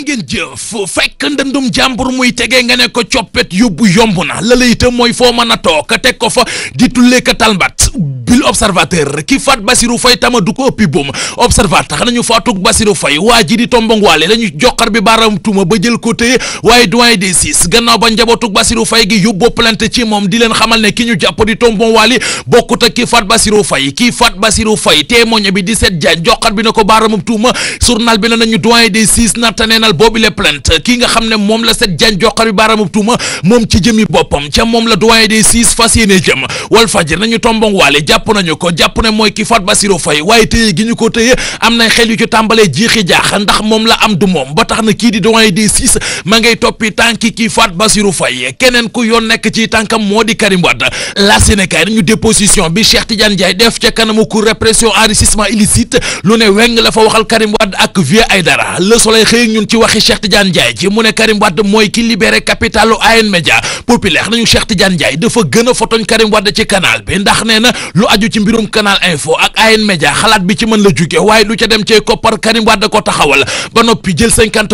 jërë ngeen jëf fekk ndëndum jàmbur muy tegee nga ne ko coppet yóbbu yomb na la la mooy foo mën a toog teg ko fa di tullee ka talbat ubbil observateur ki faat Bassirou Faye tama du ko ëppi boom observateur xanañu faatug Bassirou Faye waa ji di tombongwaale lañu joxar bi baaram tuma ba jël ko téye waaye doyen des six gannaaw ba njabootug Bassirou Faye gi yóbboo plainte ci moom di leen xamal ne ki ñu jàpp di tombongwaali bokkut ak ki faat Bassirou Faye ki faat Bassirou bi di seet jaan joxar bi na ko baaramam tuuma journal bi na nañu doyen des six nattaneenal boobi le plainte ki nga xam ne moom la seet jaan joxar bi baaramam tuuma moom ci jëmi boppam ca moom la doyen des six fas yéene jëm wal jàpp nañu ko jàpp ne mooy ki faat Bassirou Faye waaye téye gi ñu ko téye am na xel yu ci tàmbalee jiixi jaax ndax moom la am du moom ba tax na kii di doyen des six ma ngay toppi tànki ki faat Bassirou Faye keneen ku yoon nekk ci tànkam moo di Karim Wade la Sénégal ñu déposition bi Cheikh Tidiane Ndiaye def ca kanamu cour répression enrichissement illicite lu ne weng la fa waxal Karim Wade ak Vieux Aïdara Le Soleil xëy ñun ci waxi Cheikh Tidiane Ndiaye ci mu ne Karim Wade mooy ki libéré capitalu AN Média populaire nañu Cheikh Tidiane Ndiaye dafa gën a fotoñ Karim Wade ci canal aju ci mbirum canal info ak AN média xalaat bi ci mën la jóge waaye lu ca dem cee koppar Karim Wade ko taxawal ba noppi jël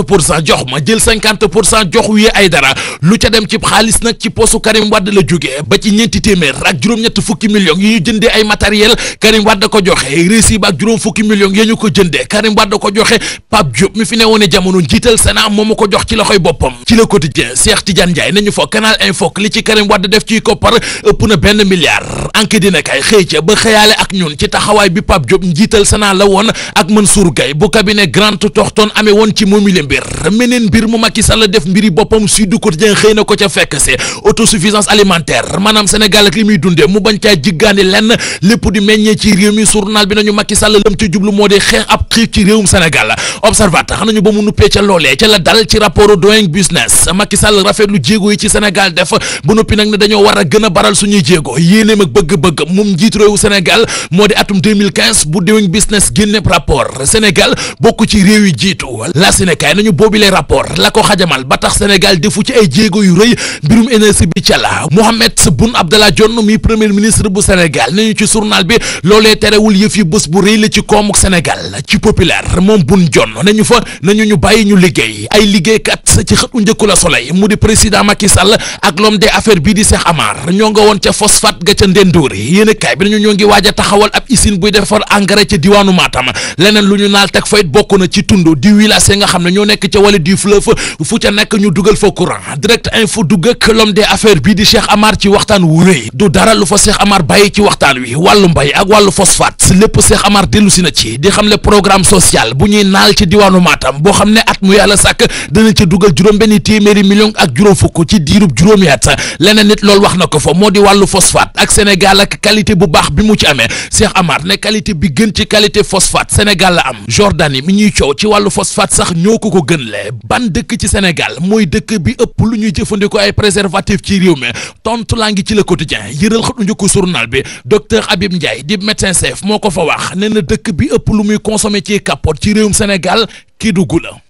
pour cent jox ma jël cinquante pour cent jox wii ay dara lu ca dem ci xaalis nag ci posu Karim Wade la jóge ba ci ñeenti téeméer ak juróom-ñett fukki millions yi ñu jëndee ay matériel Karim Wade ko joxe récib ak juróom fukki million yi ñu ko jëndee Karim Wade ko joxe Pape Diop mi fi newoon jamono njiital Sénat moom ko jox ci loxoy boppam ci le quotidien Cheikh Tidiane Ndiaye nañu fa canal info li ci Karim Wade def ciy koppar ëpp na benn milliard enquête dina kay xëy ca ba xëyaale ak ñun ci taxawaay bi Pape Diop njiital Sénat la woon ak Mansour Gaye bu cabinet Grant Thornton amee woon ci moomile mbir meneen mbir mu Macky Sall def mbiri boppam Sud Quotidien xëy na ko ca fekk si autosuffisance alimentaire maanaam Sénégal ak li muy dundee mu bañ caa jiggaani lenn lépp di meññee ci réew mi journal bi nañu Macky Sall lëm ci jublu moo di xeex ab xiif ci réewum Sénégal observateur xanañu ba mu nuppee a a njiitu réewu Sénégal moo di atum 2015 la Sénégal ba tax Sénégal defu ci ay jéego yu rëy Abdallah Dionne mi premier ministre bu Sénégal nañu ci journal bi loolee terewul yëf yi bés bu rëy la ci koomu Sénégal ci populaire moom Boun Dionne nañu fa nañu ñu bàyyi ñu liggéey ay liggéeykat ci xëtu njëkku la Soleil mu di président Macky ak l'homme des affaires bii di Cheikh Amar ñoo nga woon ca phosphate ga ca Ndendoori yéen a yéenekaay bi nañu ñoo ngi waaj a taxawal ab usine buy defar engrais ci diwaanu Matam leneen lu ñu naal teg fa it bokk na ci tund di village nga xam ne ñoo nekk ca wala du fleuve fu ca nekk ñu dugal fa courant direct info dugg ak l'homme des affaires bii di Cheikh Amar ci waxtaan wu rëy du dara lu fa Cheikh Amar bàyyi ci waxtaan wi wàllu mbay ak wàllu phosphate lépp Cheikh Amar dellu si na ci di xam le programme social bu ñuy naal ci diwaanu Matam boo xam ne at mu yàlla sàkk dana ci dugal juróom benn téeméeri million ak juróom fukk ci diirub juróomi at leneen nit loolu wax na ko fa moo di wàllu phosphate ak Sénégal ak qualité bu baax bi mu ci amee Cheikh Amar ne qualité bi gën ci qualité phosphate Sénégal la am Jordanie mi ñuy coow ci wàllu phosphate sax ñëw ko ko gën le ban dëkk ci Sénégal mooy dëkk bi ëpp lu ñuy jëfandikoo ay préservatif ci réew mi tontu laa ngi ci le quotidien yëral xëtu njëkku journal bi docteur Habib Ndiaye di médecin chef moo ko fa waax nee na dëkk bi ëpp lu muy consommer ci capote ci réewum Sénégal Kédougou la